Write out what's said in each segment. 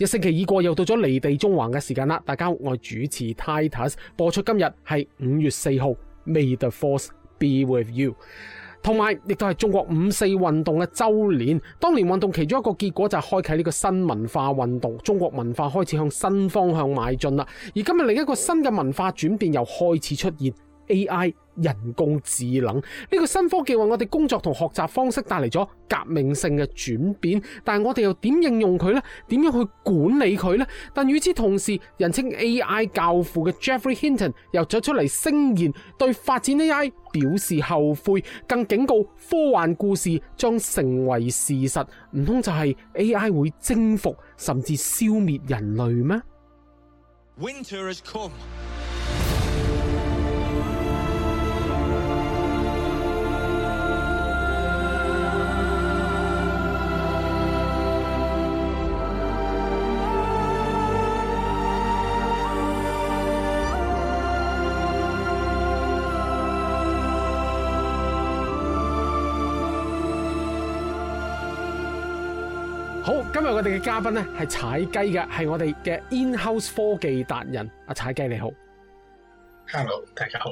一星期已過，又到咗離地中環嘅時間啦！大家好，我主持 Titus 播出，今日係五月四號 m a y the Force Be with You，同埋亦都係中國五四運動嘅週年。當年運動其中一個結果就係開啟呢個新文化運動，中國文化開始向新方向邁進啦。而今日另一個新嘅文化轉變又開始出現 AI。人工智能呢、這個新科技為我哋工作同學習方式帶嚟咗革命性嘅轉變，但係我哋又點應用佢呢？點樣去管理佢呢？但與此同時，人稱 AI 教父嘅 Geoffrey Hinton 又走出嚟聲言，對發展 AI 表示後悔，更警告科幻故事將成為事實，唔通就係 AI 會征服甚至消滅人類咩？Winter has come. 今日我哋嘅嘉賓咧係踩雞嘅，係我哋嘅 in-house 科技達人阿踩雞，你好。Hello，大家好。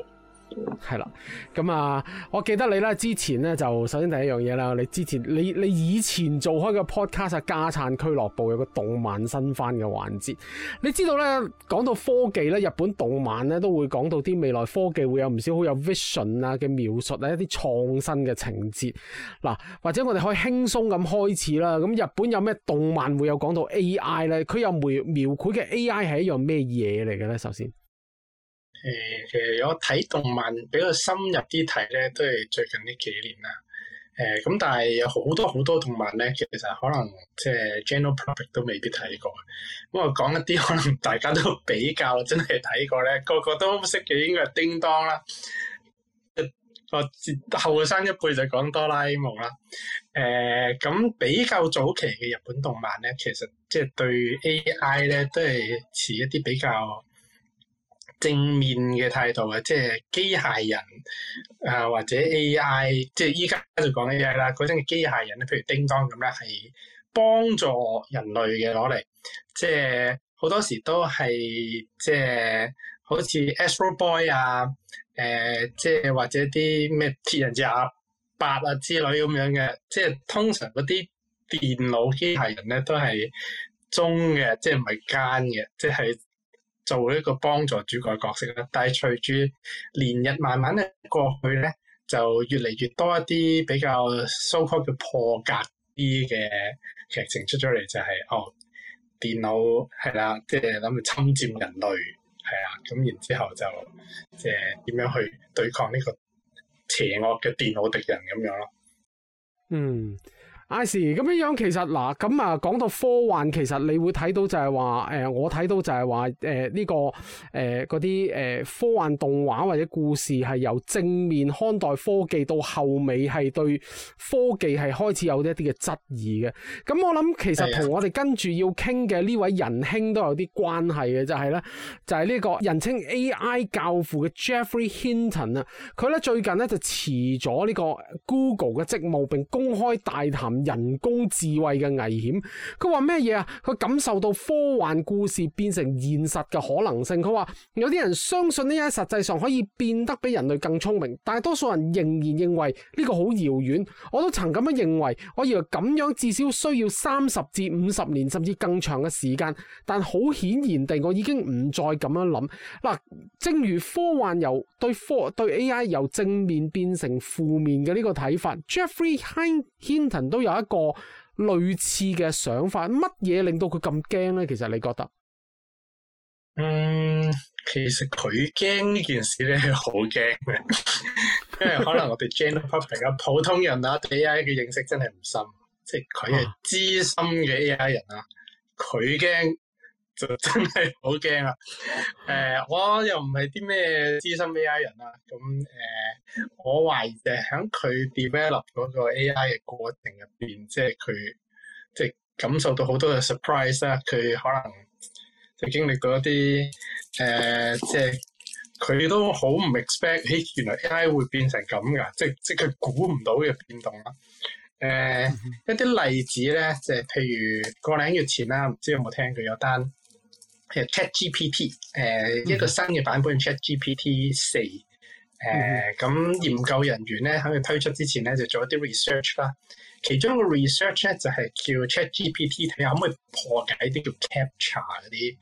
係啦，咁啊，我記得你咧之前咧就首先第一樣嘢啦，你之前你你以前做開個 podcast 加燦俱樂部有個動漫新番嘅環節，你知道咧講到科技咧，日本動漫咧都會講到啲未來科技會有唔少好有 vision 啊嘅描述啊一啲創新嘅情節，嗱或者我哋可以輕鬆咁開始啦，咁日本有咩動漫會有講到 AI 咧？佢又描描繪嘅 AI 係一樣咩嘢嚟嘅咧？首先。誒，其實我睇動漫比較深入啲睇咧，都係最近呢幾年啦。誒、呃，咁但係有好多好多動漫咧，其實可能即係 general public 都未必睇過。咁我講一啲可能大家都比較真係睇過咧，個個都識嘅，應該係叮當啦。我後生一輩就講哆啦 A 夢啦。誒、呃，咁比較早期嘅日本動漫咧，其實即係對 AI 咧都係持一啲比較。正面嘅態度啊，即係機械人啊、呃，或者 AI，即係依家就講 AI 啦。嗰種嘅機械人咧，譬如叮噹咁咧，係幫助人類嘅攞嚟。即係好多時都係即係好似 Astro Boy 啊，誒、呃，即係或者啲咩鐵人之鴨八啊之類咁樣嘅。即係通常嗰啲電腦機械人咧都係中嘅，即係唔係奸嘅，即係。做呢個幫助主角角色啦，但係隨住連日慢慢咧過去咧，就越嚟越多一啲比較 so called 破格啲嘅劇情出咗嚟、就是，就係哦電腦係啦，即係諗住侵佔人類係啊，咁然之後就即係點樣去對抗呢個邪惡嘅電腦敵人咁樣咯。嗯。I 氏咁樣樣其實嗱，咁啊講到科幻，其實你會睇到就係話誒我睇到就係話誒呢個誒啲誒科幻動畫或者故事係由正面看待科技，到後尾係對科技係開始有一啲嘅質疑嘅。咁、嗯、我諗其實同我哋跟住要傾嘅呢位仁兄都有啲關係嘅，就係、是、咧，就係、是、呢個人稱 AI 教父嘅 Jeffrey Hinton 啊，佢咧最近咧就辭咗呢個 Google 嘅職務並公開大談。人工智慧嘅危險，佢話咩嘢啊？佢感受到科幻故事變成現實嘅可能性。佢話有啲人相信呢啲實際上可以變得比人類更聰明，但係多數人仍然認為呢個好遙遠，我都曾咁樣認為，我以為咁樣至少需要三十至五十年甚至更長嘅時間，但好顯然地，我已經唔再咁樣諗。嗱，正如科幻由對科對 AI 由正面變成負面嘅呢個睇法，Jeffrey Hinton 都有。有一個類似嘅想法，乜嘢令到佢咁驚咧？其實你覺得？嗯，其實佢驚呢件事咧，好驚嘅， 因為可能我哋 general public 普通人啦，AI 嘅認識真係唔深，即係佢係資深嘅 AI 人啊，佢驚。就 真係好驚啊！誒、uh，我又唔係啲咩資深 AI 人啊，咁誒，uh, 我懷疑誒，喺佢 develop 嗰個 AI 嘅過程入邊，即係佢即係感受到好多嘅 surprise 啦。佢可能就經歷過一啲誒，即係佢都好唔 expect，原來 AI 會變成咁㗎，即即係估唔到嘅變動啦。誒、uh, mm-hmm. 一啲例子咧，即係譬如個零月前啦，唔知有冇聽佢有單。其 ChatGPT 誒、呃、一個新嘅版本 ChatGPT 四誒、呃、咁研究人員咧，喺佢推出之前咧就做一啲 research 啦，其中個 research 咧就係、是、叫 ChatGPT 睇下可唔可以破解啲叫 c a p t u r e 嗰啲誒、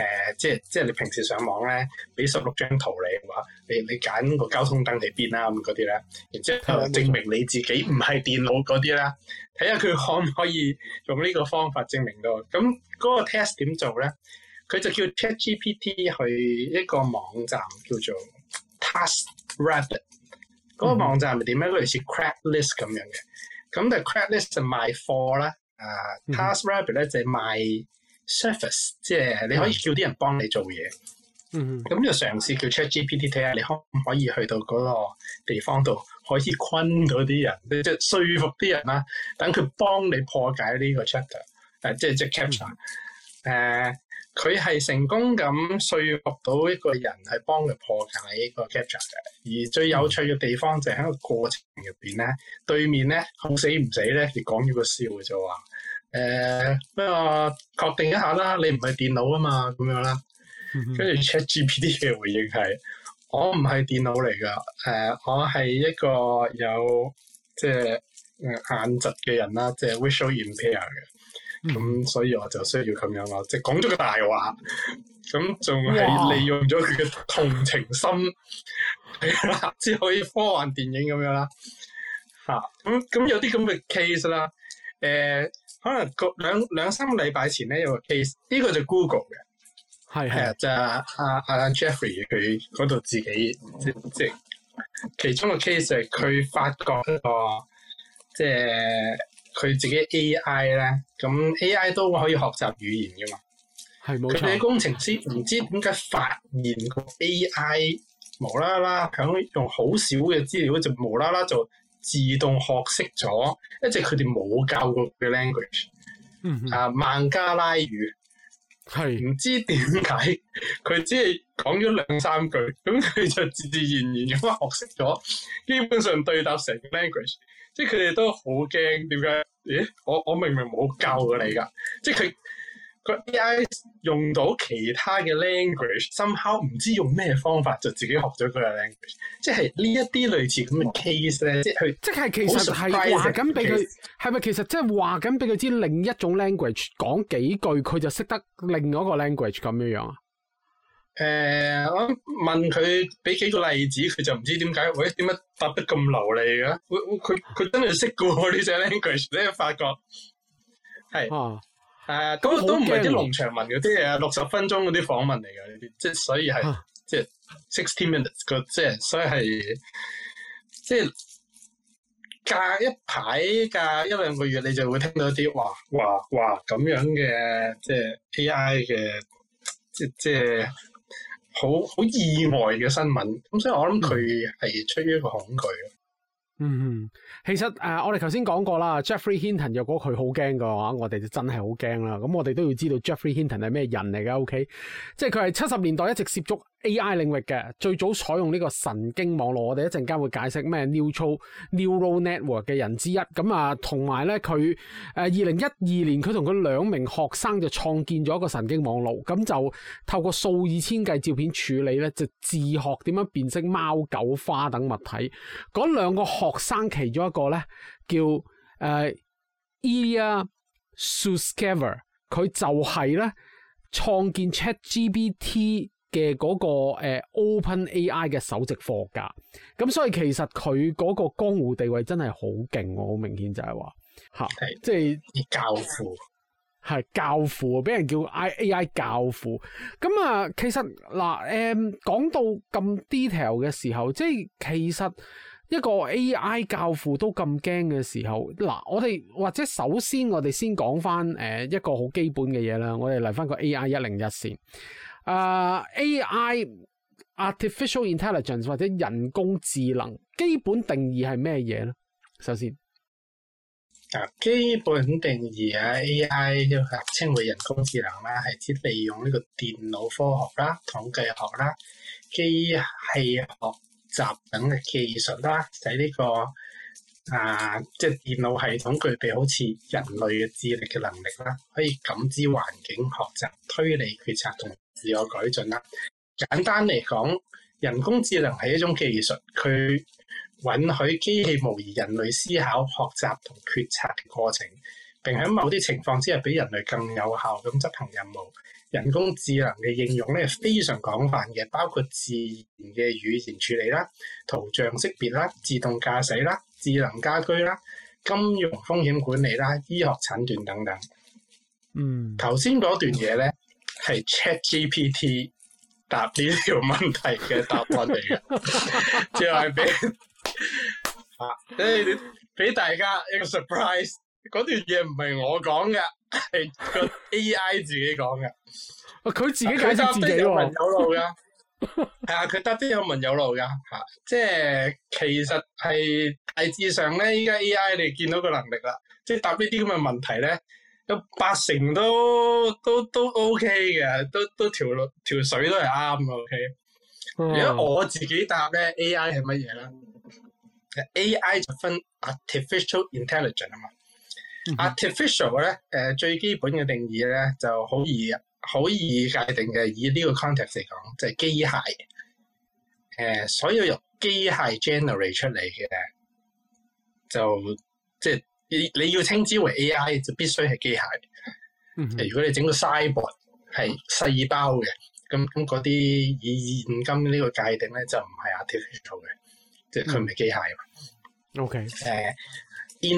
呃，即係即係你平時上網咧，俾十六張圖，你話你你揀個交通燈喺邊啦，咁嗰啲咧，然之後證明你自己唔係電腦嗰啲啦，睇下佢可唔可以用呢個方法證明到，咁嗰個 test 點做咧？佢就叫 ChatGPT 去一個網站叫做 Task Rabbit 嗰個網站係咪點咧？佢、嗯、類似 Craigslist 咁樣嘅咁，但係 Craigslist 就賣貨啦。啊、嗯、，Task Rabbit 咧就賣 service，、嗯、即係你可以叫啲人幫你做嘢。嗯，咁就嘗試叫 ChatGPT 睇下你可唔可以去到嗰個地方度可以困嗰啲人，即、就、係、是、說服啲人啦、啊，等佢幫你破解呢個 chatter 誒、啊，即係即係 capture 誒、嗯。啊佢係成功咁說服到一個人係幫佢破解呢個 capture 嘅，而最有趣嘅地方就係喺個過程入邊咧，對面咧好死唔死咧，你講咗個笑話就話：，誒、呃，不如確定一下啦，你唔係電腦啊嘛，咁樣啦。跟住 ChatGPT 嘅回應係：，我唔係電腦嚟噶，誒、呃，我係一個有即係誒眼疾嘅人啦，即係 visual impair 嘅。咁、嗯、所以我就需要咁樣咯，即係講咗個大話，咁仲係利用咗佢嘅同情心，係啦哇，即係 可以科幻電影咁樣啦。嚇、啊，咁咁有啲咁嘅 case 啦，誒，可能個兩兩三個禮拜前咧有個 case，呢個就 Google 嘅，係係是、呃、啊，就、啊、阿阿 Jeffrey 佢嗰度自己即即、嗯、其，其中個 case，佢發覺一個即係。佢自己 AI 咧，咁 AI 都可以學習語言噶嘛？係冇錯。佢哋工程師唔知點解發現個 AI 無啦啦響用好少嘅資料就無啦啦就自動學識咗，一直佢哋冇教過嘅 language，嗯嗯、啊孟加拉語，係唔知點解佢只係講咗兩三句，咁佢就自然而然咁學識咗，基本上對答成個 language。即係佢哋都好驚，點解？咦，我我明明冇教佢你噶，即係佢個 AI 用到其他嘅 language，s o 唔知用咩方法就自己學咗佢嘅 language。即係呢一啲類似咁嘅 case 咧，即係即係其實係話緊俾佢，係咪其實即係話緊俾佢知另一種 language 講幾句，佢就識得另外一個 language 咁樣樣啊？誒，uh, 我問佢俾幾個例子，佢就唔知點解。喂，點解答得咁流利嘅？佢佢佢真係識嘅喎呢隻 language。你、啊、 發覺係誒，啊啊、都唔係啲農場文嗰啲嘢，六十分鐘嗰啲訪問嚟嘅呢啲，即係所以係、啊、即係 sixteen minutes 即係所以係即係隔一排，隔一兩個月，你就會聽到啲哇哇哇咁樣嘅，即係 A. I. 嘅，即即係。好好意外嘅新聞，咁所以我諗佢係出於一個恐懼。嗯，其實誒、呃，我哋頭先講過啦，Geoffrey Hinton 若果佢好驚嘅話，我哋就真係好驚啦。咁、嗯、我哋都要知道 Geoffrey Hinton 係咩人嚟嘅，O K，即係佢係七十年代一直涉足 A I 領域嘅，最早採用呢個神經網絡，我哋一陣間會解釋咩 Neutral、Neural ne Network 嘅人之一。咁、嗯、啊，同埋呢佢誒二零一二年佢同佢兩名學生就創建咗一個神經網絡，咁、嗯、就透過數以千計照片處理呢，就自學點樣辨識貓狗花等物體。嗰兩個學生其中一個咧，叫 e、呃、Ilya Sutskever 佢就係咧創建 ChatGPT 嘅嗰、那個、呃、OpenAI 嘅首席科學家。咁所以其實佢嗰個江湖地位真係好勁，好明顯就係話嚇，即、啊、係是教父，係教父，俾人叫 AI 教父。咁啊、呃，其實嗱誒講到咁 detail 嘅時候，即係其實。一個 A.I. 教父都咁驚嘅時候，嗱，我哋或者首先我哋先講翻誒一個好基本嘅嘢啦。我哋嚟翻個 A.I. 一零一先。啊、呃，A.I. artificial intelligence 或者人工智能基本定義係咩嘢咧？首先，嗱，基本定義啊，A.I. 要合稱為人工智能啦，係指利用呢個電腦科學啦、統計學啦、機器學。集等嘅技術啦，使呢個啊即係電腦系統具備好似人類嘅智力嘅能力啦，可以感知環境、學習、推理、決策同自我改進啦。簡單嚟講，人工智能係一種技術，佢允許機器模擬人類思考、學習同決策嘅過程，並喺某啲情況之下比人類更有效咁執行任務。人工智能嘅應用咧，非常廣泛嘅，包括自然嘅語言處理啦、圖像識別啦、自動駕駛啦、智能家居啦、金融風險管理啦、醫學診斷等等。嗯，頭先嗰段嘢咧係 ChatGPT 答呢條問題嘅答案嚟嘅， 就係俾啊，俾大家一個 surprise，嗰段嘢唔係我講嘅。係個 AI 自己講嘅，佢 自己解釋自己 有文有路喎。係 啊，佢答啲有文有路噶。吓， 即係其實係大致上咧，依家 AI 你見到個能力啦，即係答呢啲咁嘅問題咧，有八成都都都 OK 嘅，都都條路條水都係啱嘅 OK。 如果我自己答咧，AI 係乜嘢啦？AI 就分 artificial intelligence 啊嘛。artificial 咧，誒、呃、最基本嘅定義咧，就好易好易界定嘅，以呢個 context 嚟講，就係、是、機械。誒、呃，所有由機械 generate 出嚟嘅，就即係你你要稱之為 AI，就必須係機械。嗯、哼如果你整個 cyborg 係細胞嘅，咁咁嗰啲以現今呢個界定咧，就唔係 artificial 嘅，嗯、即係佢唔係機械。OK、呃。誒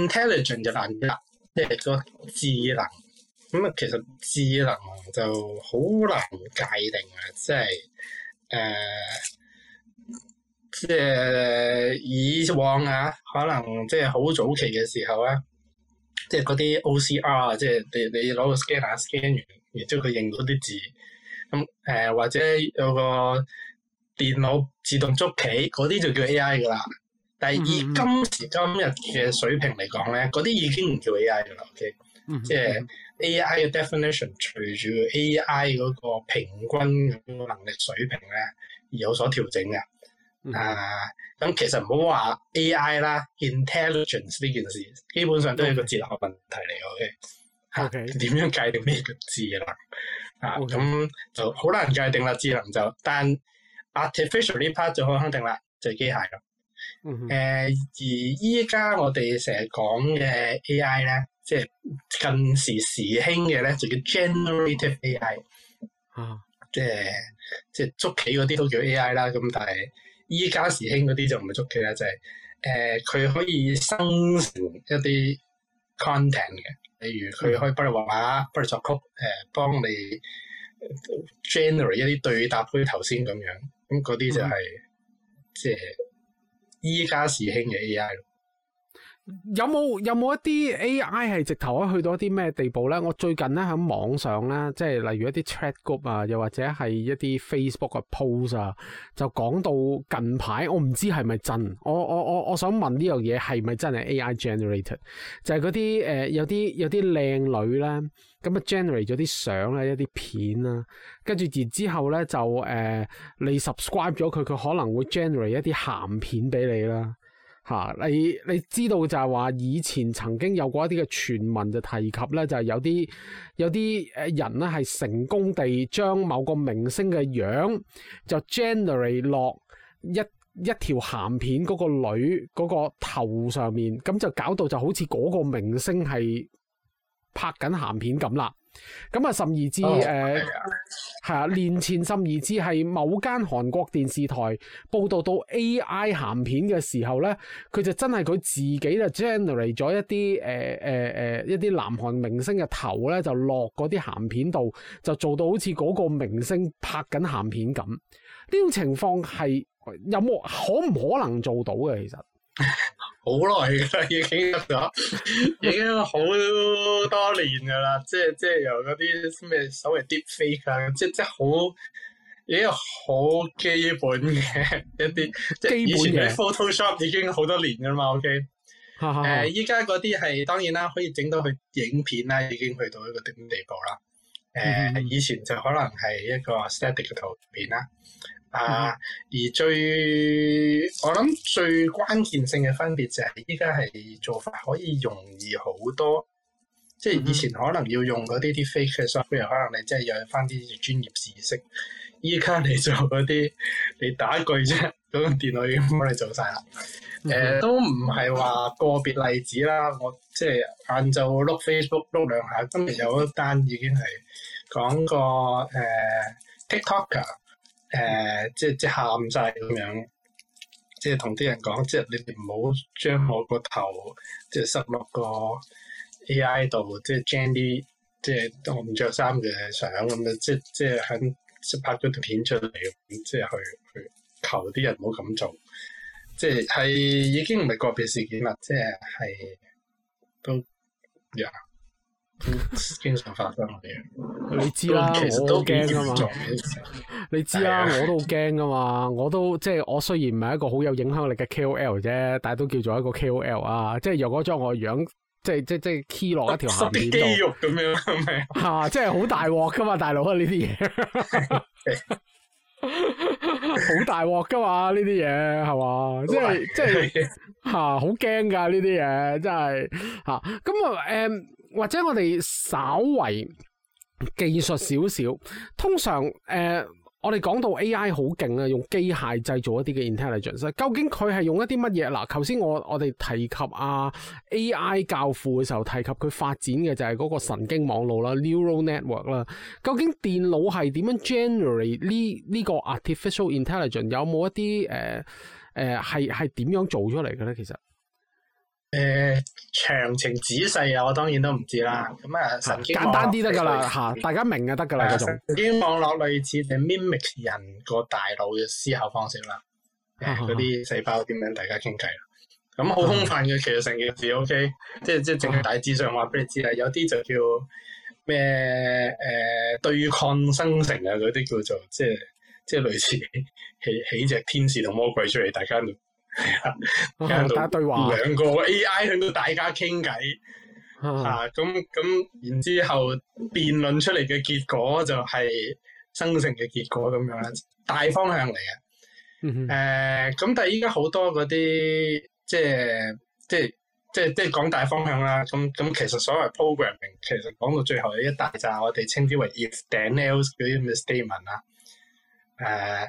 intelligent 就難啲啦。即係個智能，咁啊，其實智能就好難界定啊！即係誒、呃，即係以往啊，可能即係好早期嘅時候咧、啊，即係嗰啲 OCR，即係你你攞個 scan sc scan 完，然之後佢認到啲字，咁、嗯、誒、呃、或者有個電腦自動捉棋，嗰啲就叫 AI 噶啦。但係以今時今日嘅水平嚟講咧，嗰啲已經唔叫 A.I. 啦，O.K.，即係 A.I. 嘅 definition 隨住 A.I. 嗰個平均能力水平咧而有所調整嘅，嗯、啊，咁其實唔好話 A.I. 啦，intelligence 呢、嗯、件事基本上都係個哲學問題嚟，O.K. 吓 okay.、啊，點樣界定咩叫智能？啊，咁 okay.、啊、就好難界定啦，智能就，但 artificial 呢 part 就可以肯定啦，最、就、係機械啦。誒、嗯、而依家我哋成日講嘅 A.I. 咧，即、就、係、是、近時時興嘅咧，就叫 Generative A.I. 啊，即係即係捉棋嗰啲都叫 A.I. 啦。咁但係依家時興嗰啲就唔係捉棋啦，就係誒佢可以生成一啲 content 嘅，例如佢可以幫你畫畫，不如作曲，誒幫你 generate 一啲對答開頭先咁樣，咁嗰啲就係、是嗯、即係。依家時興嘅 AI 啦。有冇有冇一啲 AI 係直頭可以去到一啲咩地步咧？我最近咧喺網上咧，即係例如一啲 Chat Group 啊，又或者係一啲 Facebook 嘅 Post 啊，就講到近排我唔知係咪真，我我我我想問呢樣嘢係咪真係 AI generated？就係嗰啲誒，有啲有啲靚女咧，咁啊 generate 咗啲相啦，一啲片啦，跟住然之後咧就誒、呃，你 subscribe 咗佢，佢可能會 generate 一啲鹹片俾你啦。嚇、啊！你你知道就係話以前曾經有過一啲嘅傳聞，就提及咧，就係、是、有啲有啲誒人咧係成功地將某個明星嘅樣，就 generate 落一一條鹹片個女個頭上面，咁就搞到就好似個明星係拍緊鹹片咁啦。咁啊，甚至誒，係、呃、啊，年前甚至係某間韓國電視台報道到 AI 鹹片嘅時候呢，佢就真係佢自己就 generate 咗一啲誒誒誒一啲南韓明星嘅頭呢，就落嗰啲鹹片度，就做到好似嗰個明星拍緊鹹片咁。呢種情況係有冇可唔可能做到嘅？其實？ 好耐噶啦，已經入咗， 已經好基本 多年噶啦。即係即係由嗰啲咩所謂 deepfake，即即係好，已經好基本嘅一啲。即係以前嘅 Photoshop 已經好多年噶嘛。OK，誒，依家嗰啲係當然啦，可以整到佢影片啦，已經去到一個點地步啦。誒、呃， 以前就可能係一個 static 嘅圖片啦。啊！而最我諗最關鍵性嘅分別就係，依家係做法可以容易好多，即係以前可能要用嗰啲啲 fake shop，譬如可能你即係有翻啲專業知識，依家你做嗰啲你打句啫，嗰個電腦已經幫你做晒啦。誒、嗯，uh, 都唔係話個別例子啦，我即係晏晝碌 Facebook 碌兩下，今日有一單已經係講個誒 TikTok 嘅。誒、呃，即即喊晒咁樣，即係同啲人講，即係你哋唔好將我個頭，即係塞落個 AI 度，即係 gen 啲，即係我唔着衫嘅相咁樣，即係即係響拍咗條片出嚟，即係去，去求啲人唔好咁做，即係係已經唔係個別事件啦，即係係都呀。Yeah. 經常發生嘅嘢，你知啦，我，我都驚噶嘛。你知啦，我都好驚噶嘛。我都即係我雖然唔係一個好有影響力嘅 KOL 啫，但係都叫做一個 KOL 啊。即係若果將我樣即係即即係 key 落一條鹹片度咁樣，吓 即係好大鑊噶嘛，大佬，呢啲嘢好大鑊噶嘛，呢啲嘢係咪，即係即係吓好驚噶呢啲嘢，真係吓咁啊，誒、嗯。或者我哋稍為技術少少，通常誒、呃，我哋講到 AI 好勁啊，用機械製造一啲嘅 intelligence。究竟佢係用一啲乜嘢？嗱，頭先我我哋提及啊 AI 教父嘅時候提及佢發展嘅就係嗰個神經網路啦，neural network 啦。究竟電腦係點樣 generate 呢呢、呢個 artificial intelligence？有冇一啲誒誒係係點樣做出嚟嘅咧？其實？誒，詳情仔細啊，我當然都唔知啦。咁啊，簡單啲得噶啦吓，似大家明就得噶啦。神經網絡類似，就 mimic 人個大腦嘅思考方式啦。嗰啲、嗯嗯、細胞點樣大家傾偈？咁、嗯、好、嗯、空泛嘅，其實成件事 OK、嗯。即係即係，淨係大致上話俾你知啦。有啲就叫咩？誒、呃，對抗生成啊，嗰啲叫做即係即係類似起起隻天使同魔鬼出嚟，大家。係啊，大家對話兩個 AI 喺度大家傾偈嚇，咁咁、 啊、然之後辯論出嚟嘅結果就係生成嘅結果咁樣啦， 大方向嚟嘅。誒，咁、 uh, 但係依家好多嗰啲即係即係即係即係講大方向啦。咁咁其實所謂 programming 其實講到最後有一大紮我哋稱之為 if then else 啲嘅 statement 啊，誒。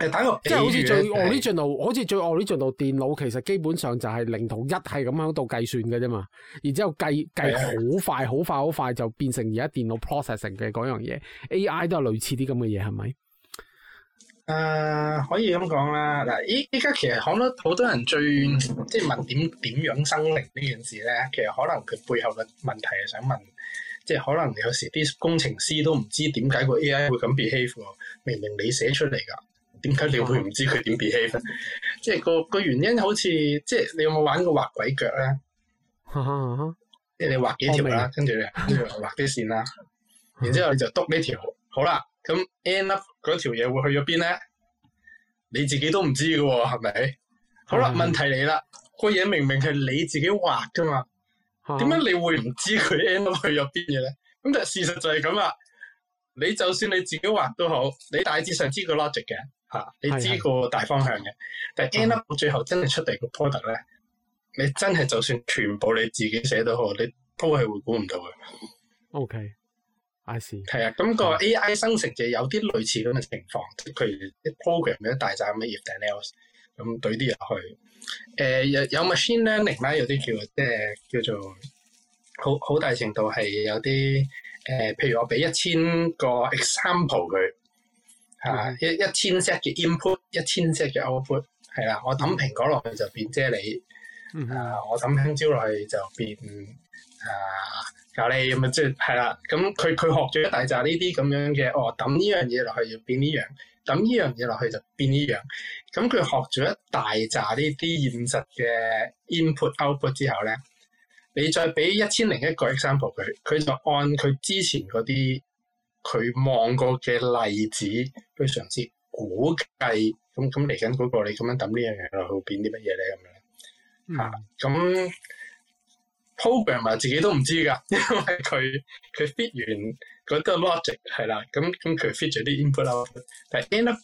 誒，等我，即係好似最 early 階段，是好似最 original 電腦其實基本上就係零同一係咁喺度計算嘅啫嘛，然之後計計好快，好快，好快就變成而家電腦 processing 嘅嗰樣嘢的，AI 都係類似啲咁嘅嘢，係咪？誒、呃，可以咁講啦，嗱，依依家其實好多好多人最即係問點點樣生靈呢件事咧，其實可能佢背後嘅問題係想問，即、就、係、是、可能有時啲工程師都唔知點解個 AI 會咁 b e h a v e 明明你寫出嚟噶。點解你會唔知佢點 behave 即係個個原因好似即係你有冇玩過畫鬼腳咧？ 即係你畫幾條啦，跟住跟住畫啲線啦， 然之後你就篤呢條好啦。咁 end up 嗰條嘢會去咗邊咧？你自己都唔知噶喎、哦，係咪？好啦， 問題嚟啦，個嘢明明係你自己畫噶嘛，點解 你會唔知佢 end up 去咗邊嘅咧？咁但係事實就係咁啦。你就算你自己畫都好，你大致上知個 logic 嘅。吓，你知個大方向嘅，但係 analysis 最後真係出嚟個 product 咧，嗯、你真係就算全部你自己寫到好，你都係會估唔到嘅。OK，I see。係啊，咁個 AI 生成嘅有啲類似咁嘅情況，譬如啲 program 嘅一大紮咁嘅嘢定 else 咁對啲入去。誒、呃、有有 machine learning 啦，有啲叫即係叫做好好大程度係有啲誒、呃，譬如我俾一千個 example 佢。係一一千 set 嘅 input，一千 set 嘅 output，係啦。我抌蘋果落去就變啫喱，啊 us ur roc ー，我抌青椒落去就變啊咖喱咁啊，即係係啦。咁佢佢學咗一大紮呢啲咁樣嘅，哦，抌呢樣嘢落去要變呢樣，抌呢樣嘢落去就變呢樣。咁佢學咗一大紮呢啲現實嘅 input output 之後咧，你再俾一千零一個 example 佢，佢就按佢之前嗰啲。佢望過嘅例子，非常之估計，咁咁嚟緊嗰個你咁樣抌呢樣嘢落去變啲乜嘢咧？咁樣啦，咁 program 咪自己都唔知噶，因為佢佢 fit 完嗰個 logic 係啦，咁咁佢 fit 咗啲 input 啦，但係 end up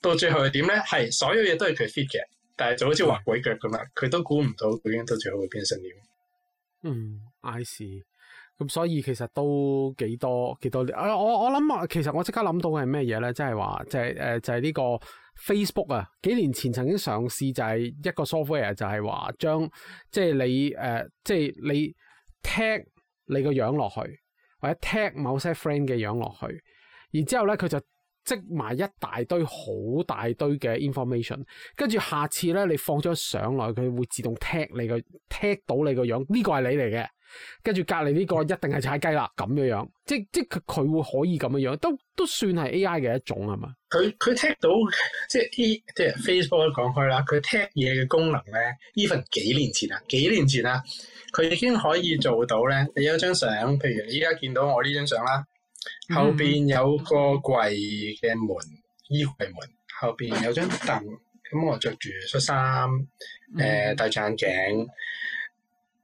到最後係點咧？係所有嘢都係佢 fit 嘅，但係就好似畫鬼腳咁啦，佢、嗯、都估唔到究竟到最後會變成點。嗯，I see 咁所以其實都幾多幾多，誒、啊、我我諗啊，其實我即刻諗到嘅係咩嘢咧？即係話，即係誒，就係、是、呢、就係呃就係、個 Facebook 啊，幾年前曾經上市就係一個 software，就係話將即係你誒，即係你 tag、呃、你個、呃、樣落去，或者 tag 某些 friend 嘅樣落去，然之後咧佢就積埋一大堆好大堆嘅 information，跟住下次咧你放咗上來佢會自動 tag 你個 tag 到你個樣、這個樣，呢個係你嚟嘅。跟住隔籬呢個一定係踩雞啦，咁樣樣，即即佢佢會可以咁樣樣，都都算係 AI 嘅一種係嘛？佢佢踢到，即係呢即係 Facebook 講開啦，佢踢嘢嘅功能咧，呢份幾年前啊，幾年前啊，佢已經可以做到咧。你有張相，譬如你依家見到我呢張相啦，後邊有個櫃嘅門，衣櫃門，後邊有張凳，咁我着住恤衫，誒、呃，戴住眼鏡，誒、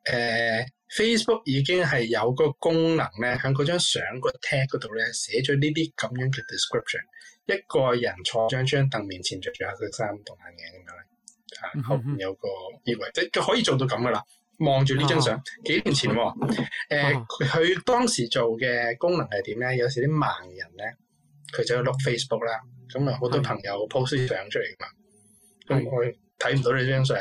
呃。Facebook 已經係有個功能咧，喺嗰張相個 tag 嗰度咧寫咗呢啲咁樣嘅 description。一個人坐張張凳面前，着住黑色衫同眼鏡咁樣，啊、嗯、後、嗯、哼有個依位，即係可以做到咁噶啦。望住呢張相，啊、幾年前喎、啊，佢、呃啊、當時做嘅功能係點咧？有時啲盲人咧，佢就去碌 Facebook 啦，咁啊好多朋友 post 啲相出嚟嘛，咁我睇唔到呢張相。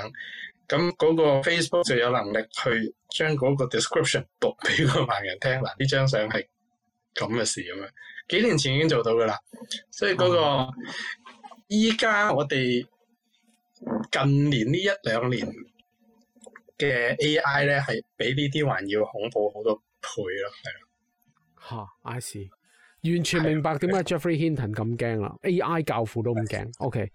咁嗰個 Facebook 就有能力去將嗰個 description 讀俾個盲人聽嗱，呢張相係咁嘅事咁樣幾年前已經做到噶啦，所以嗰、那個依家、嗯、我哋近年,一兩年呢一兩年嘅 AI 咧係比呢啲還要恐怖好多倍咯，係啦嚇，I see 完全明白點解 Geoffrey Hinton 咁驚啦，AI 教父都咁驚，OK。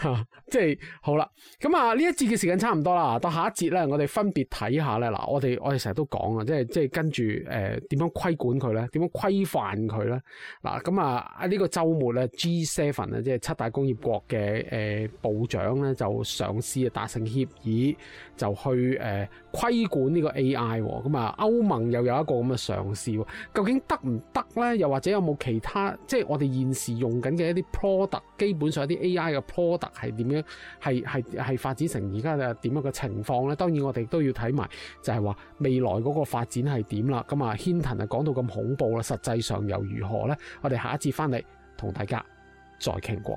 吓、啊，即係好啦，咁啊呢一節嘅時間差唔多啦，到下一節咧，我哋分別睇下咧。嗱、啊，我哋我哋成日都講、呃、啊，啊這個、7，即係即係跟住誒點樣規管佢咧，點樣規範佢咧？嗱，咁啊喺呢個周末咧，G7 咧，即係七大工業國嘅誒、呃、部長咧就嘗試啊達成協議。就去誒，規、呃、管呢個 AI，咁啊歐盟又有一個咁嘅嘗試，究竟得唔得咧？又或者有冇其他？即係我哋現時用緊嘅一啲 product，基本上一啲 AI 嘅 product 係點樣？係係係發展成而家嘅點樣嘅情況咧？當然我哋都要睇埋，就係話未來嗰個發展係點啦。咁啊，Hinton 啊講到咁恐怖啦，實際上又如何咧？我哋下一節翻嚟同大家再傾過。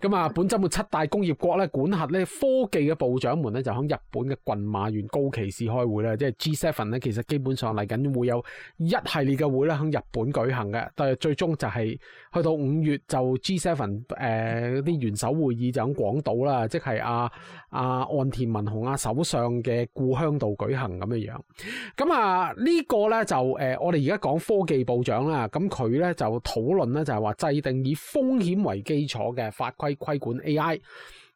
咁啊、嗯，本周末七大工業國咧，管轄咧科技嘅部長們咧，就喺日本嘅群馬縣高崎市開會咧，即係 G7 咧，其實基本上嚟緊會有一系列嘅會咧，喺日本舉行嘅，但係最終就係、是、去到五月就 G7 誒、呃、嗰啲元首會議就喺廣島啦，即係阿阿岸田文雄啊首相嘅故鄉度舉行咁嘅樣。咁啊呢個咧就誒、呃，我哋而家講科技部長啦，咁佢咧就討論咧就係、是、話制定以風險為基礎嘅法規規管 AI，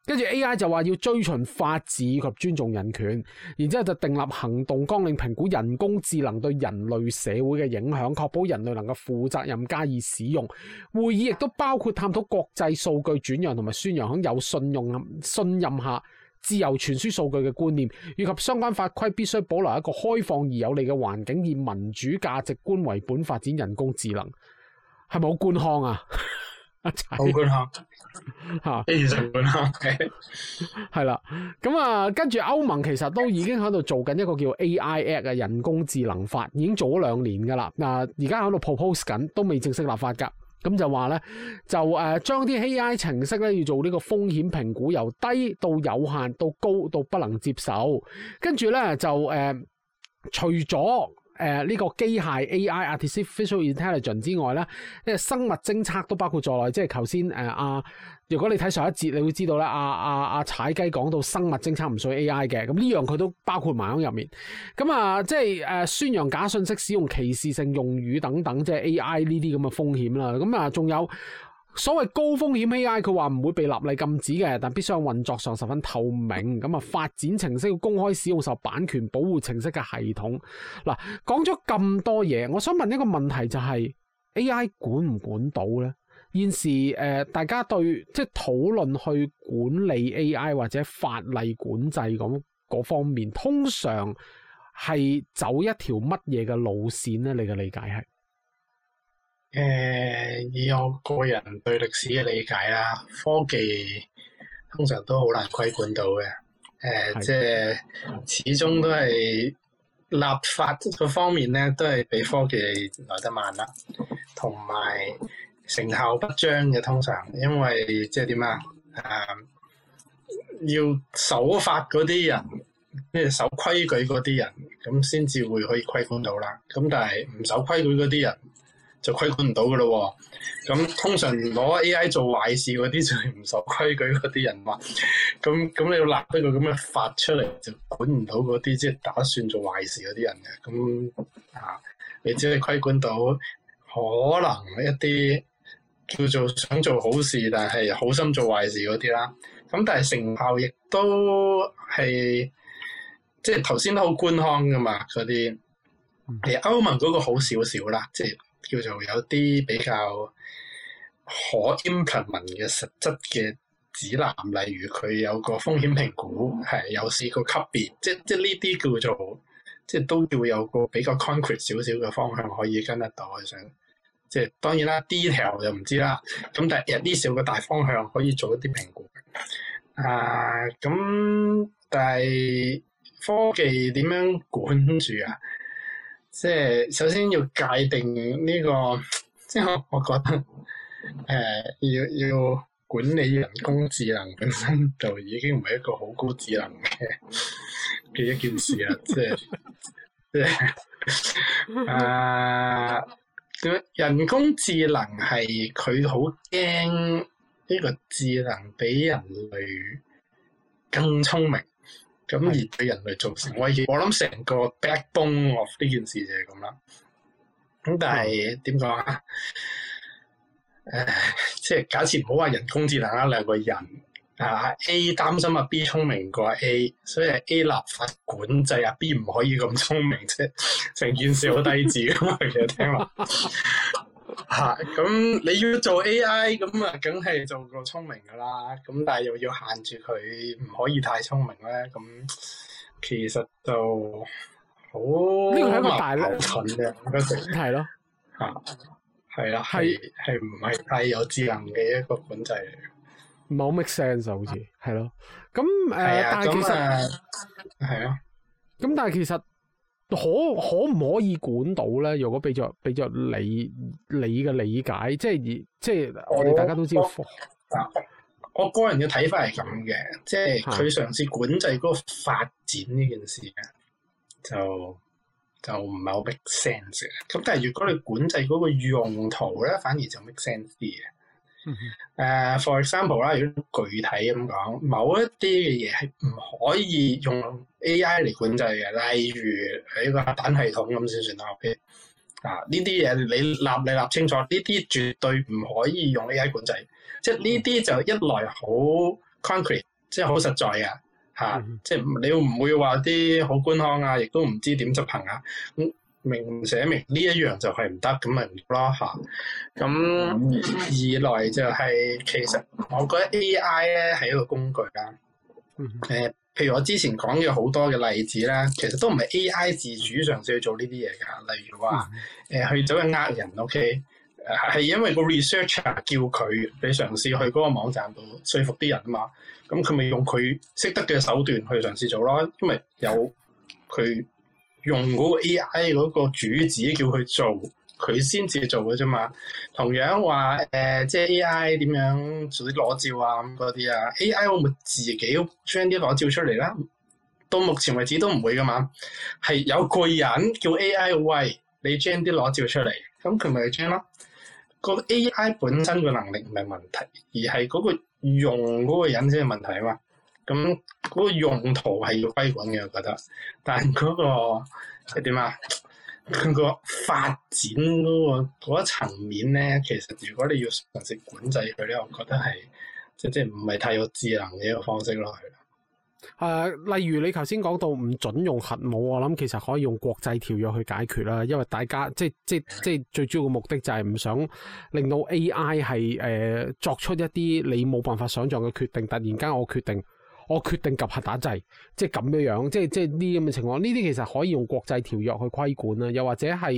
跟住 AI 就話要追尋法治及尊重人權，然之後就訂立行動綱領，評估人工智能對人類社會嘅影響，確保人類能夠負責任加以使用。會議亦都包括探討國際數據轉讓同埋宣揚響有信用信任下自由傳輸數據嘅觀念，以及相關法規必須保留一個開放而有利嘅環境，以民主價值觀為本發展人工智能。係咪好官腔啊？ 保管啦，哈，A.I. 保管係啦，咁啊，跟住歐盟其實都已經喺度做緊一個叫 A.I. Act 嘅人工智能法，已經做咗兩年㗎啦，嗱，而家喺度 propose 緊，都未正式立法㗎，咁就話咧，就誒將啲 A.I. 程式咧要做呢個風險評估，由低到有限到高到不能接受，跟住咧就誒除咗。呃誒呢、呃這個機械 AI（artificial intelligence） 之外啦，因、這、為、個、生物偵測都包括在內，即係頭先誒啊，如果你睇上一節，你會知道啦，阿阿阿踩雞講到生物偵測唔屬於 AI 嘅，咁呢樣佢都包括埋喺入面。咁、嗯、啊、呃，即係誒、呃、宣揚假信息、使用歧視性用語等等，即係 AI 呢啲咁嘅風險啦。咁、嗯、啊，仲、呃、有。所謂高風險 AI，佢話唔會被立例禁止嘅，但必須運作上十分透明。咁啊，發展程式要公開使用受版權保護程式嘅系統。嗱，講咗咁多嘢，我想問一個問題就係、是、AI 管唔管到呢？現時誒、呃，大家對即係討論去管理 AI 或者法例管制咁嗰方面，通常係走一條乜嘢嘅路線呢？你嘅理解係？誒，以我個人對歷史嘅理解啦，科技通常都好難規管到嘅。誒的、呃，即係始終都係立法個方面咧，都係比科技來得慢啦。同埋成效不彰嘅，通常因為即係點啊？誒、呃，要守法嗰啲人，即係守規矩嗰啲人，咁先至會可以規管到啦。咁但係唔守規矩嗰啲人。就規管唔到噶咯喎，咁通常攞 AI 做壞事嗰啲就係唔受規矩嗰啲人嘛，咁咁你要立一個咁嘅法出嚟就管唔到嗰啲即係打算做壞事嗰啲人嘅。咁啊，你只係規管到可能一啲叫做，做想做好事但係好心做壞事嗰啲啦，咁但係成效亦都係即係頭先都好官腔噶嘛嗰啲，其實歐盟嗰個好少少啦，即係。叫做有啲比較可 implement 嘅實質嘅指南，例如佢有個風險評估，係有四個級別，即即呢啲叫做即都要有個比較 concrete 少少嘅方向可以跟得到。我想即當然啦，detail 就唔知啦，咁但係有啲少嘅大方向可以做一啲評估。啊、呃，咁但係科技點樣管住啊？即係首先要界定呢、這個，即係我覺得，誒、呃，要要管理人工智能本身就已經唔係一個好高智能嘅嘅一件事啦， 即係即係啊，人工智能係佢好驚呢個智能比人類更聰明。咁而對人類造成威脅，我諗成個 backbone of 呢件事就係咁啦。咁但係點講啊？誒、嗯，即係假設唔好話人工智能啦，兩個人啊 A 擔心啊 B 聰明過 A，所以 A 立法管制啊 B 唔可以咁聰明啫，成件事好低智啊！其實聽落。吓，咁你要做 AI 咁啊，梗係做個聰明噶啦，咁但係又要限住佢唔可以太聰明咧，咁其實就好矛盾嘅。係咯，吓係啦，係係唔係太有智能嘅一個管制嚟，冇咩 sense 啊，好似係咯，咁誒，但係其實係啊，咁但係其實。可可唔可以管到咧？如果俾咗俾著你你嘅理解，即係而即係我哋大家都知道，我，我個人嘅睇法係咁嘅，即係佢嘗試管制嗰個發展呢件事咧，就就唔係好 make sense 嘅。咁但係如果你管制嗰個用途咧，反而就 make sense 啲嘅。誒、uh，for example 啦，如果具體咁講，某一啲嘅嘢係唔可以用 AI 嚟管制嘅，例如喺個核彈系統咁先算 OK。啊，呢啲嘢你立你立清楚，呢啲絕對唔可以用 AI 管制，即係呢啲就一來好 concrete，即係好實在嘅吓，啊 mm hmm. 即係你唔會話啲好官方啊，亦都唔知點執行啊。嗯明寫明呢一樣就係唔得，咁咪唔得咯吓，咁、嗯、二來就係、是、其實我覺得 AI 咧係一個工具啦。誒、呃，譬如我之前講嘅好多嘅例子咧，其實都唔係 AI 自主嘗試去做呢啲嘢㗎。例如話誒、呃、去走去呃人、okay? 呃人，OK？係因為個 researcher 叫佢你嘗試去嗰個網站度説服啲人啊嘛。咁佢咪用佢識得嘅手段去嘗試做咯，因為有佢。用嗰個 AI 嗰個主子叫佢做，佢先至做嘅啫嘛。同樣話誒、呃，即係 AI 點樣做啲裸照啊咁嗰啲啊？AI 會唔會自己將啲裸照出嚟啦？到目前為止都唔會噶嘛。係有個人叫 AI 喂，你將啲裸照出嚟，咁佢咪將咯。個 AI 本身個能力唔係問題，而係嗰個用嗰個人先係問題嘛。咁嗰個用途係要規管嘅，我覺得，但係嗰、嗰個係點啊？佢、嗰個發展嗰個一層面咧，其實如果你要嘗試管制佢咧，我覺得係即係即係唔係太有智能嘅一個方式咯。誒，例如你頭先講到唔準用核武，我諗其實可以用國際條約去解決啦，因為大家即係即係即係最主要嘅目的就係唔想令到 AI 係誒、呃、作出一啲你冇辦法想像嘅決定，突然間我決定。我決定及核彈制，即係咁樣樣，即係即係啲咁嘅情況。呢啲其實可以用國際條約去規管啦，又或者係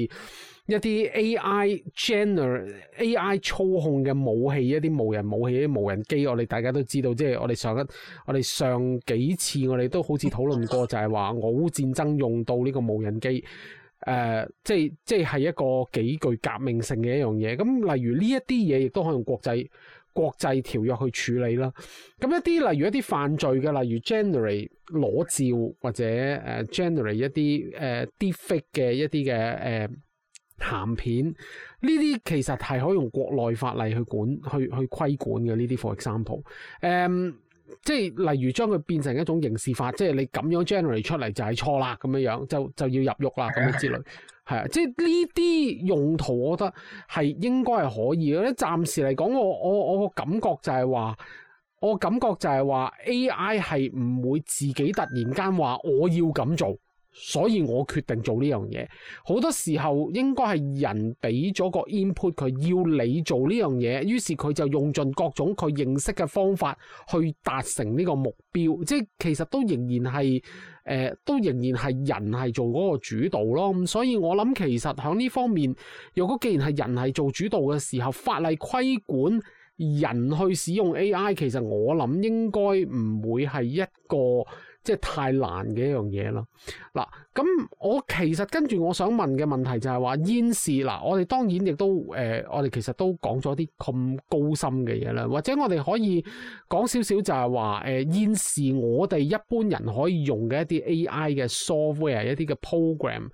一啲 AI generate、AI 操控嘅武器，一啲無人武器、啲無人機。我哋大家都知道，即係我哋上一我哋上幾次，我哋都好似討論過就，就係話俄烏戰爭用到呢個無人機，誒、呃，即係即係一個幾具革命性嘅一樣嘢。咁例如呢一啲嘢，亦都可以用國際。國際條約去處理啦，咁一啲例如一啲犯罪嘅，例如 generate 裸照或者誒 generate 一啲、uh, deepfake 嘅一啲嘅誒鹹片，呢啲其實係可以用國內法例去管去去規管嘅呢啲 for example，誒、um, 即係例如將佢變成一種刑事法，即係你咁樣 generate 出嚟就係錯啦，咁樣樣就就要入獄啦咁的樣之類。係啊，即係呢啲用途，我覺得係應該係可以嘅咧，暫時嚟講我我我個感覺就係話我感覺就係話 AI 係唔會自己突然間話我要咁做。所以我決定做呢樣嘢。好多時候應該係人俾咗個 input 佢，要你做呢樣嘢，於是佢就用盡各種佢認識嘅方法去達成呢個目標。即係其實都仍然係誒、呃，都仍然係人係做嗰個主導咯。咁所以我諗其實喺呢方面，若果既然係人係做主導嘅時候，法例規管人去使用 AI，其實我諗應該唔會係一個。即係太難嘅一樣嘢咯。嗱，咁我其實跟住我想問嘅問題就係話，現時嗱，我哋當然亦都誒、呃，我哋其實都講咗啲咁高深嘅嘢啦。或者我哋可以講少少就係話誒，現、呃、時我哋一般人可以用嘅一啲 AI 嘅 software、呃、一啲嘅 program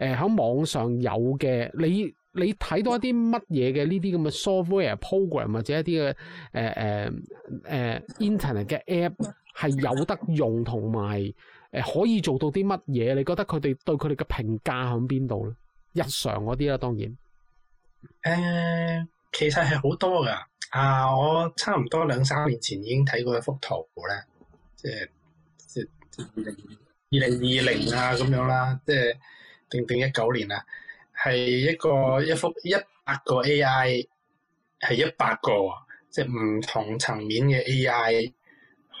誒，喺網上有嘅。你你睇到一啲乜嘢嘅呢啲咁嘅 software、program 或者一啲嘅誒誒誒 internet 嘅 app？係有得用同埋，誒可以做到啲乜嘢？你覺得佢哋對佢哋嘅評價喺邊度咧？日常嗰啲啦，當然，誒、呃、其實係好多㗎。啊，我差唔多兩三年前已經睇過一幅圖咧，即係二零二零啊咁樣啦，即係定定一九年啊，係一個一幅一百個 AI，係一百個，即係唔同層面嘅 AI。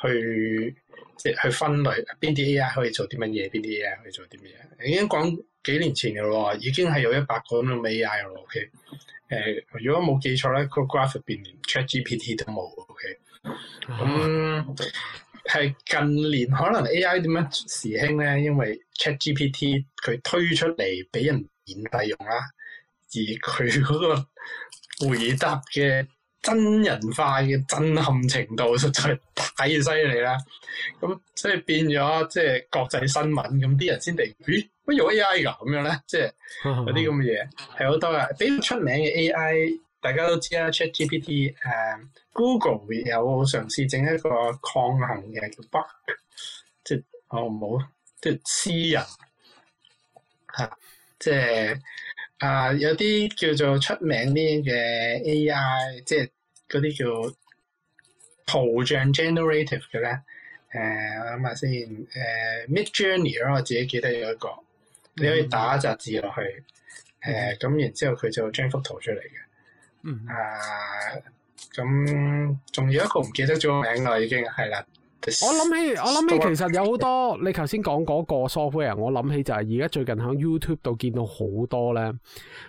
去即係去分類，邊啲 AI 可以做啲乜嘢？邊啲 AI 可以做啲乜嘢？已經講幾年前嘅咯，已經係有一百個咁樣嘅 AI 咯。OK，誒、呃，如果冇記錯咧，個 Graph 入面連 ChatGPT 都冇。OK，咁、嗯、係、嗯、近年可能 AI 點樣時興咧？因為 ChatGPT 佢推出嚟俾人免費用啦，而佢嗰個回答嘅。真人化嘅震撼程度實在太犀利啦，咁所以變咗即係國際新聞，咁啲人先嚟，咦？乜用 AI 㗎？咁樣咧，即係有啲咁嘅嘢係好多嘅，比較出名嘅 AI，大家都知啦，ChatGPT，誒、啊、Google 有嘗試整一個抗衡嘅叫 Buck，即係哦冇，即係私人嚇、啊，即係啊有啲叫做出名啲嘅 AI，即係。嗰啲叫圖像 generative 嘅咧，誒、呃、我諗下先，誒 Midjourney 咯，Midjourney，我自己記得有一個，你可以打一紮字落去，誒咁、嗯哼啊、然之後佢就將幅圖出嚟嘅，嗯、哼啊咁仲有一個唔記得咗名啦，已經係啦。我諗起，我諗起其實有好多你，你頭先講個 software，我諗起就係而家最近響 YouTube 度見到好多咧，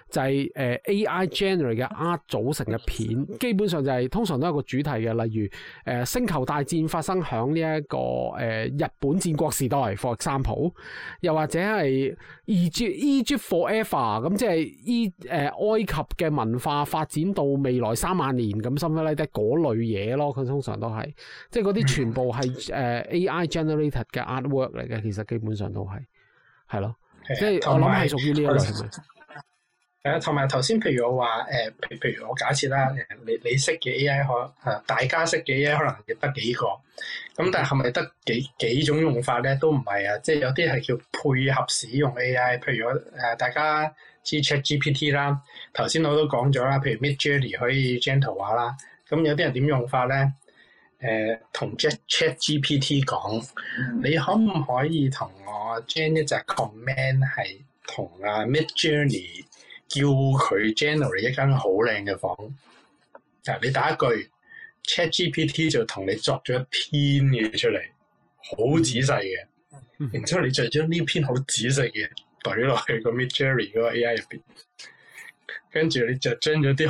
就係、是、誒、呃、AI generate 嘅 Art 組成嘅片，基本上就係、是、通常都有個主題嘅，例如誒、呃、星球大戰發生響呢一個誒、呃、日本戰國時代，for example, 又或者係、e、Egypt forever, Egypt forever 咁，即係依誒埃及嘅文化發展到未來三萬年咁 something like that，嗰類嘢咯，佢通常都係，即係啲全部係、嗯。誒 AI generated 嘅 artwork 嚟嘅，其實基本上都係係咯，即係我諗係屬於呢一個係啦。同埋頭先，譬如我話誒，譬譬如我假設啦，你你識嘅 A.I. 可誒，大家識嘅 AI 可能亦得幾個咁，但係係咪得幾幾種用法咧？都唔係啊，即係有啲係叫配合使用 A.I.，譬如我誒大家知 ChatGPT 啦，頭先我都講咗啦，譬如 Midjourney 可以 gentle 畫啦，咁有啲人點用法咧？誒，同 Chat Chat GPT 講，你可唔可以同我 generate 一隻 command 係同阿 Midjourney 叫佢 generate 一間好靚嘅房？嗱，你打一句 Chat GPT 就同你作咗一篇嘢出嚟，好仔細嘅。然之後，後你就將呢篇好仔細嘅懟落去個 Midjourney 嗰個 AI 入邊，跟住你就將咗啲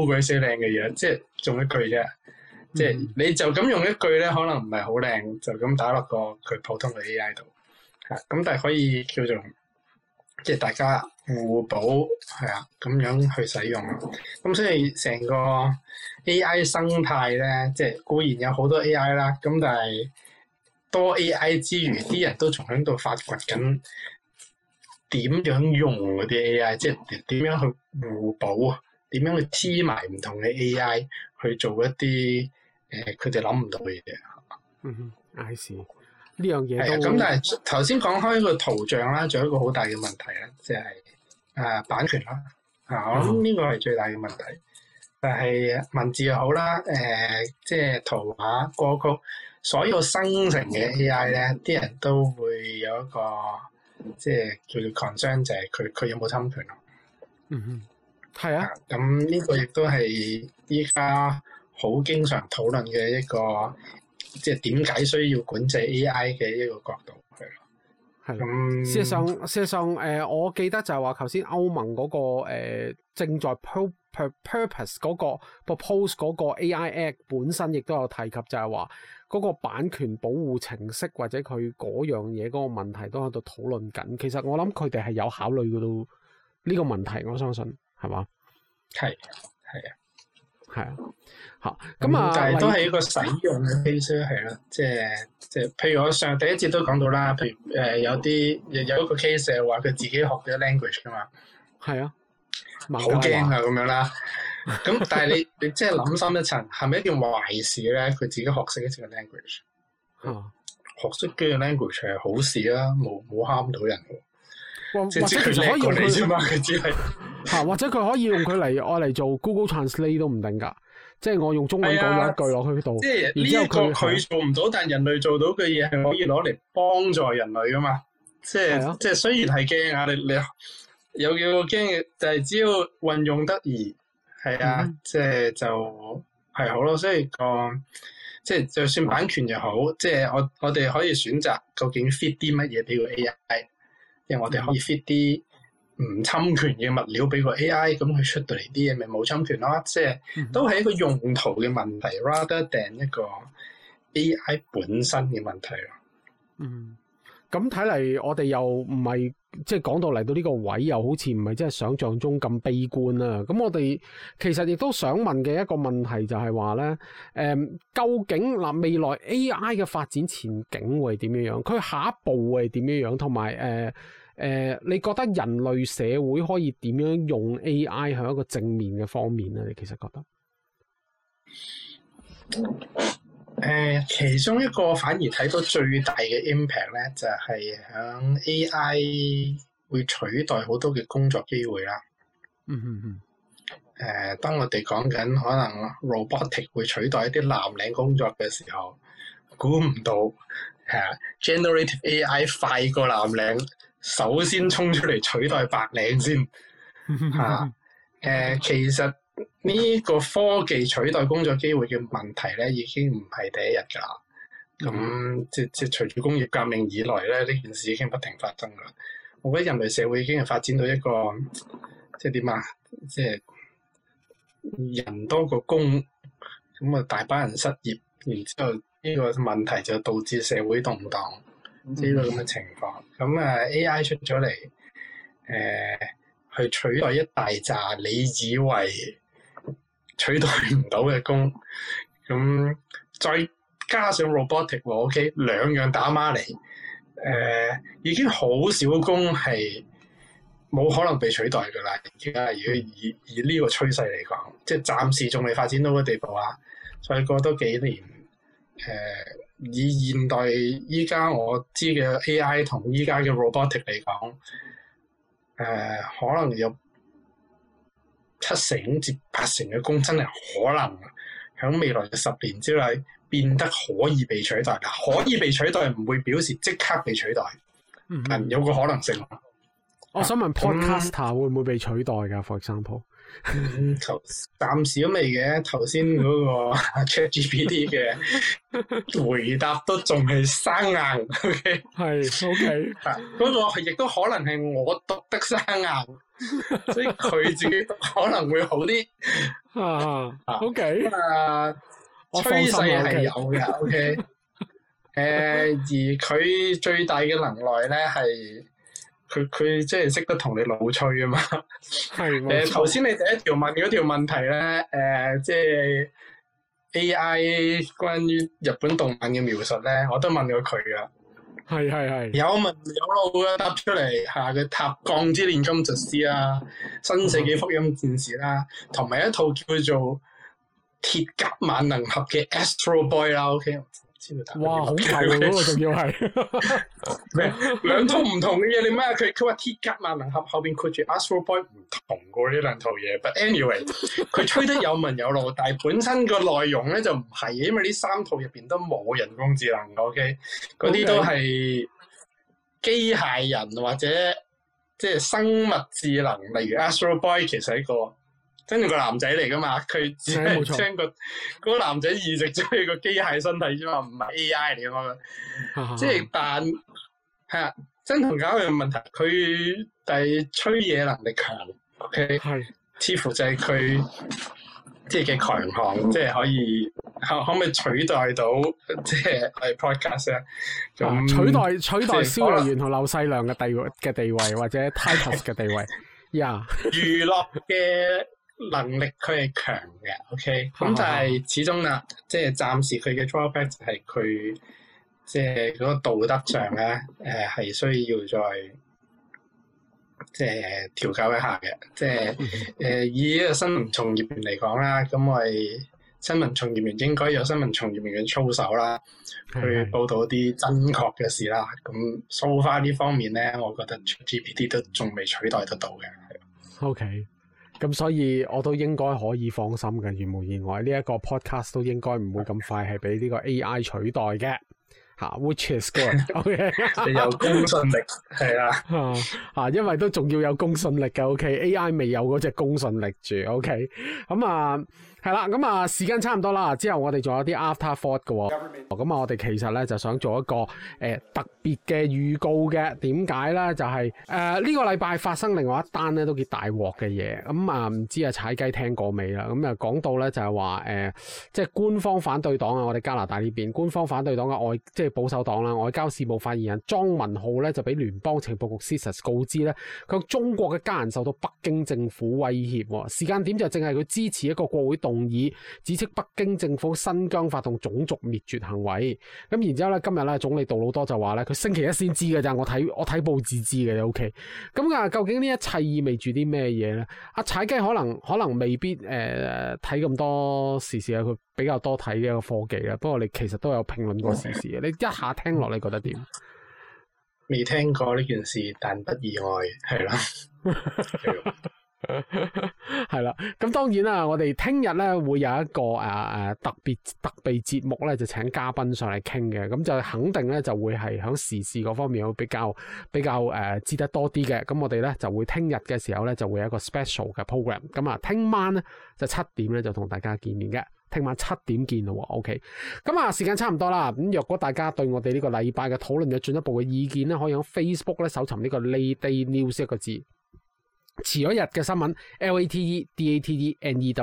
好鬼死靚嘅嘢，即係中一句啫。即係你就咁用一句咧，可能唔係好靚，就咁打落個佢普通嘅 A.I. 度嚇咁，但係可以叫做即係大家互補係啊，咁樣去使用咯。咁所以成個 A.I. 生態咧，即係固然有好多 A.I. 啦，咁但係多 A.I. 之餘，啲人都仲喺度發掘緊點樣用嗰啲 A.I.，即係點樣去互補啊？點樣去黐埋唔同嘅 A.I. 去做一啲？佢哋諗唔到嘢嘅，嗯，I see 呢樣嘢。咁但係頭先講開個圖像啦，仲有一個好大嘅問題咧，即係誒版權啦。啊，我諗呢個係最大嘅問題。但係文字又好啦，誒、呃，即係圖畫、歌曲，所有生成嘅 AI 咧，啲人都會有一個即係叫做 concern，就係佢佢有冇侵權咯？Mm hmm. 啊、嗯，係、這、啊、個。咁呢個亦都係依家。好經常討論嘅一個，即係點解需要管制 AI 嘅一個角度，係咯，係的。事實上、嗯，事實上，誒、呃，我記得就係話頭先歐盟嗰、那個、呃、正在 purpose Pur 嗰、那個 propose 嗰 AI Act 本身亦都有提及就，就係話嗰個版權保護程式或者佢嗰樣嘢嗰個問題都喺度討論緊。其實我諗佢哋係有考慮到呢個問題，我相信係嘛？係，係啊。係啊，好、嗯、咁、嗯、啊，但係都係一個使用嘅 case 啦，係啦，即係即係，譬如我上第一節都講到啦，譬如誒、呃、有啲有有一個 case 係話佢自己學咗 language 噶嘛，係啊，好驚啊咁樣啦。咁、嗯、但係你你即係諗深一層，係咪一件壞事咧？佢自己學識一次個 language，、哦、學識呢個 language 係好事啦、啊，冇冇蝦唔到人。或或者其實可以用嚟佢只吓， 或者佢可以用佢嚟愛嚟做 Google Translate 都唔定噶，即係我用中文講咗一句落去度，即係呢個佢做唔到， 但係人類做到嘅嘢係可以攞嚟幫助人類噶嘛，即係的即係雖然係驚啊，你你有幾個驚嘅，但係只要運用得宜，係啊，即係、嗯、就係好咯。所以、個即係、就是、就算版權又好，即係、嗯、我我哋可以選擇究竟 fit 啲乜嘢俾個 AI。因為我哋可以 fit 啲唔侵權嘅物料俾個 AI，咁佢出到嚟啲嘢咪冇侵權咯，即係都係一個用途嘅問題，rather than 一個 AI 本身嘅問題咯。嗯，咁睇嚟我哋又唔係。即係講到嚟到呢個位，又好似唔係真係想像中咁悲觀啊！咁我哋其實亦都想問嘅一個問題就係話呢，誒，究竟嗱，未來 AI 嘅發展前景會點樣樣？佢下一步會點樣樣？同埋誒誒，你覺得人類社會可以點樣用 AI 向一個正面嘅方面呢？你其實覺得？ 誒、呃，其中一個反而睇到最大嘅 impact 咧，就係、是，響 AI 會取代好多嘅工作機會啦。嗯嗯嗯。誒，當我哋講緊可能 robotic 會取代一啲藍領工作嘅時候，估唔到係、啊、generative AI 快過藍領，首先衝出嚟取代白領先。吓、啊，誒、 呃，其實。呢個科技取代工作機會嘅問題咧，已經唔係第一日㗎。咁即即隨住工業革命以來咧，呢件事已經不停發生㗎。我覺得人類社會已經係發展到一個即係點啊，即，即人多過工，咁啊大班人失業，然之後呢個問題就導致社會動盪呢個咁嘅情況。咁啊 AI 出咗嚟，誒、呃、去取代一大紮，你以為？取代唔到嘅工，咁再加上 robotic，OK、okay？兩樣打孖嚟，誒、呃、已經好少工係冇可能被取代㗎啦。而家如果以以呢個趨勢嚟講，即係暫時仲未發展到個地步啊。再過多幾年，誒、呃、以現代依家我知嘅 AI 同依家嘅 robotic 嚟講，誒、呃、可能有。七成至八成嘅工真係可能喺未來嘅十年之內變得可以被取代。嗱，可以被取代唔會表示即刻被取代，係有個可能性、嗯。嗯、我想問 Podcaster 會唔會被取代噶？For example，暫時都未嘅。頭先嗰個 ChatGPT 嘅回答都仲係生硬。O K，係 O K，嗱，嗰、okay 啊嗰個亦都可能係我讀得生硬。 所以佢自己可能會好啲啊 ，OK，啊，趨勢係有嘅，OK，誒， uh, 而佢最大嘅能耐咧係佢佢即係識得同你老吹啊嘛，係，誒，頭先你第一條問嗰條問題咧，誒、uh,，即係 AI 關於日本動漫嘅描述咧，我都問過佢噶。係係係，是是有文有路啊，搭出嚟，下嘅《塔鋼之煉金術師》啊，《新世紀福音戰士》啊啦，同埋一套叫做《鐵甲萬能俠》啊嘅 Astro Boy 啦，OK。哇，好大喎！仲要係咩？兩 套唔同嘅嘢，你問下佢，佢話鐵甲萬能俠後邊括住 Astro Boy 唔同過呢兩套嘢，But anyway，佢 吹得有文有路， 但係本身個內容咧就唔係，因為呢三套入邊都冇人工智能嘅，嗰、okay? 啲 Okay. 都係機械人或者即係生物智能，例如 Astro Boy 其實一、個。真係個男仔嚟噶嘛？佢即係將個嗰個男仔移植咗去個機械身體啫嘛，唔係 A.I. 嚟噶嘛？即係但係啊，真同假嘅問題。佢第吹嘢能力強，OK？係，似乎就係佢即係嘅強項，即係可以可唔可以取代到即係誒 Podcast 取代取代蕭若元同劉細良嘅地位嘅地位或者 Titus 嘅地位呀，yeah 娛樂嘅。能力佢係強嘅，OK，咁但係始終啦，即係暫時佢嘅 drawback 就係佢即係嗰個道德上咧，誒係、 呃、需要再即係調教一下嘅。即係誒以一個新聞從業員嚟講啦，咁我哋新聞從業員應該有新聞從業員嘅操守啦，去 報道啲真確嘅事啦。咁 so far 呢方面咧，我覺得 GPT 都仲未取代得到嘅。OK。咁所以我都應該可以放心嘅，如無意外呢一個 podcast 都應該唔會咁快係俾呢個 AI 取代嘅，吓 Which is good。OK 你有公信力，係啦，吓，因為都仲要有公信力嘅。OK，AI 未有嗰隻公信力住。OK，咁 啊、嗯。Uh, 係啦，咁啊、嗯，時間差唔多啦，之後我哋仲有啲 afterthought 噶，咁、嗯、啊、嗯，我哋其實咧就想做一個誒、呃、特別嘅預告嘅，點解咧？就係誒呢個禮拜發生另外一單咧都幾大鑊嘅嘢，咁啊唔知啊踩雞聽過未啦？咁啊講到咧就係話誒，即係官方反對黨啊，我哋加拿大呢邊官方反對黨嘅外即係保守黨啦，外交事務發言人莊文浩咧就俾聯邦情報局 CSIS 告知咧，佢中國嘅家人受到北京政府威脅、哦，時間點就淨係佢支持一個國會動。同意指斥北京政府新疆發動種族滅絕行為，咁然之後咧，今日咧，總理杜魯多就話咧，佢星期一先知嘅咋，我睇我睇報紙知嘅，O K。咁啊、OK，究竟呢一切意味住啲咩嘢咧？阿、啊、踩雞可能可能未必誒睇咁多時事啊，佢比較多睇嘅一個科技啦。不過你其實都有評論過時事嘅，你一下聽落你覺得點？未聽過呢件事，但不意外，係啦。 係啦，咁 當然啦，我哋聽日咧會有一個誒誒、呃、特別特別節目咧，就請嘉賓上嚟傾嘅，咁就肯定咧就會係響時事嗰方面，會比較比較誒、呃、知得多啲嘅，咁我哋咧就會聽日嘅時候咧就會有一個 special 嘅 program，咁啊聽晚咧就七點咧就同大家見面嘅，聽晚七點見咯，ok，咁啊時間差唔多啦，咁若果大家對我哋呢個禮拜嘅討論有進一步嘅意見咧，可以喺 Facebook 咧搜尋呢個 Lady News 一個字。遲咗一日嘅新聞，Late Date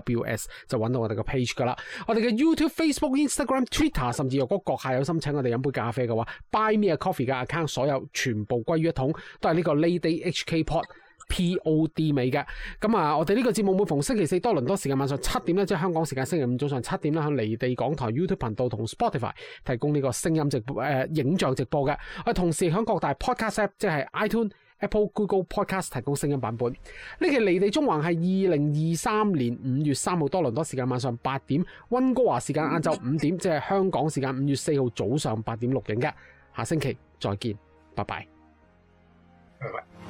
News 就揾到我哋個 page 噶啦。我哋嘅 YouTube、Facebook、Instagram、Twitter，甚至如果閣下有心請我哋飲杯咖啡嘅話，buy me a coffee 嘅 account，所有全部歸於一統，都係呢個 Late Date HK Pod Pod 美嘅。咁啊，我哋呢個節目每逢星期四多倫多時間，晚上七點咧，即係香港時間星期五早上七點啦，喺離地港台 YouTube 頻道同 Spotify 提供呢個聲音直播誒、呃、影像直播嘅。啊，同時喺各大 Podcast app，即係 iTune。Apple、Google、Podcasts，提供聲音版本。呢期離地中環係二零二三年五月三號多倫多時間晚上八點，溫哥華時間晏晝五點，即係香港時間五月四號早上八點錄影嘅。下星期再見，拜拜。拜拜。